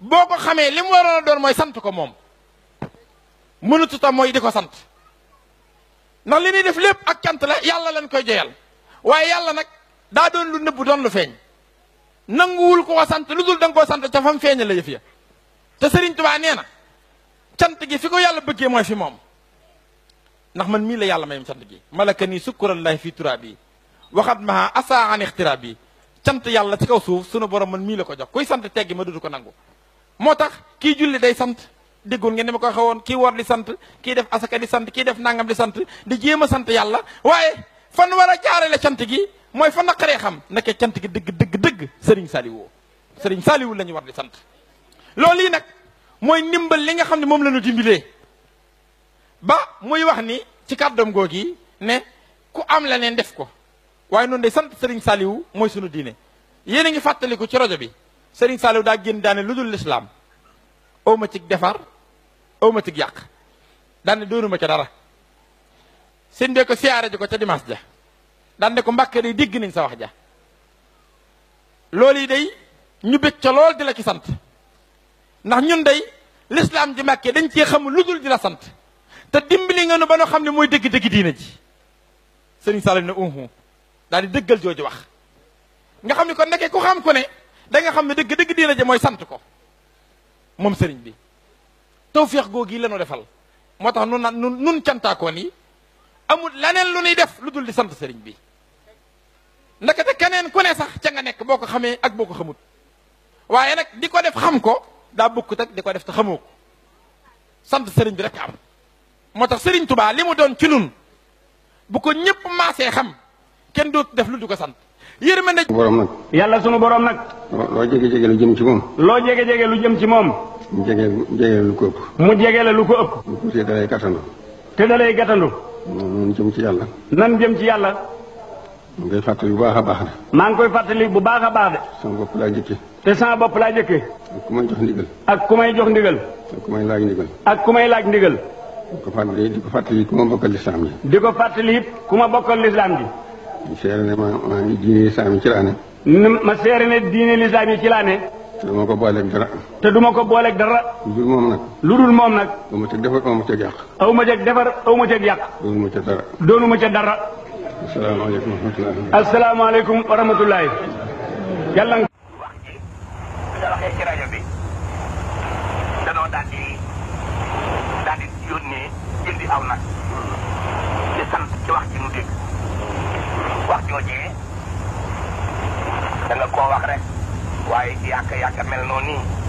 boo ko xamee li mu waroon a doon mooy sant ko moom mënatuta mooy di ko sant ndax li muy def lépp ak cant la yàlla lañ koy joyal waaye yàlla nag daa doon lu nëbb doon lu feeñ nanguwul ko ko sant lu dul da koo sant ca fam feeña la yëf ya te Sëriñ Tuubaa nee na cant gi fi ko yàlla bëggee mooy fi moom ndax man mii la yàlla mayam cant gi malaka nii sukkurallahi fii turaab yi waxat maha asa an ixtiraab yi cant yàlla ci kow suuf sunu borom man mii la ko jox kuy sant teggi ma dudu ko nangu moo tax kii julli day sant déggoon ngeen ni ma ko waxee woon kii war di sant kii def asaka di sant kiy def nangam di sant di jéem a sant yàlla waaye fan war a jaarale sant gi mooy fa naqaree xam naka cant gi dëgg dëgg dëgg Serigne Saliou sëriñ Saliou la ñu war di sant. loolu yi nag mooy ndimbal li nga xam ne moom la ñu dimbalee ba muy wax ni ci kàddoom googu yi ne ku am leneen def ko waaye noonu day sant Serigne Saliou mooy sunu diine yéen a ngi fàttaliku ci rajo bi. Serigne Saliou daa génn daane lu dul lislaam awma cig defar awma cig yàq daane doonuma ca dara sëñ bee ko siyaare ji ko ca dimanche ja daan ko mbàkke day dégg nañ sa wax ja loolu yi day ñu bég ca lool di la ci sant ndax ñun day lislaam ji màkkee dañ cee xam lu dul di la sant te dimbali nga nu ba nu xam ne mooy dëgg-dëgg diina ji sëriñ Saliou ne uhu daal di dëggal jooju wax nga xam ne ko nekkee ku xam ku ne danga xam ne dëgg dëgg diina ja mooy sant ko moom sëriñ bi tawféex googu yi la ñu defal moo tax nun nun nun cantaakoon yi amul laneen lu nuy def lu dul di sant sëriñ bi ndaka keneen ku ne sax ca nga nekk boo ko xamee ak boo ko xamut waaye nag di ko def xam ko daa bukk tak di ko def te xamoo ko sant sëriñ bi rek am moo tax sëriñ tubaa li mu doon ci nun bu ko ñëpp maasee xam kenn dootu def lu du ko sant yërmande borom nag yàlla sunu boroom nag loo jege-jege lu jëm ci moom loo jege-jege lu jëm ci moom mu jege ko ëpp mu jege lu ko ëpp bu tuutee dalay gàttandu te dalay gàttandu nan jëm ci yàlla nan jëm ci yàlla maa ngi koy fàttali bu baax a baax de maa ngi koy fàttali bu baax a baax de sama bopp laa jëkke te sama bopp laa jëkke ak ku may jox ndigal ak ku may jox ndigal ak ku may laaj ndigal ak ku may laaj ndigal di ko fàttali di ko fàttali ku ma bokkal di ko ku ma bokkal lislaam ji mu seere ne ma maa ngi diine lislaam yi ci laa ne. ma seere ne diine lislaam yi ci laa ne. te du ma ko booleeg dara. te du ma ko booleeg dara. lu dul moom nag. lu dul moom nag. aw ma ca defar aw ma ca yàq. aw ma ca defar aw ma ca yàq. doonu ma ca dara. doonu ma ca dara. asalaamaaleykum wa rahmatulah. asalaamaaleykum wa rahmatulah. yàlla. wax ji bi nga waxee ci rajo bi danoo daal di. jooje da nga koo wax rek waaye yàq yàq mel noonu nii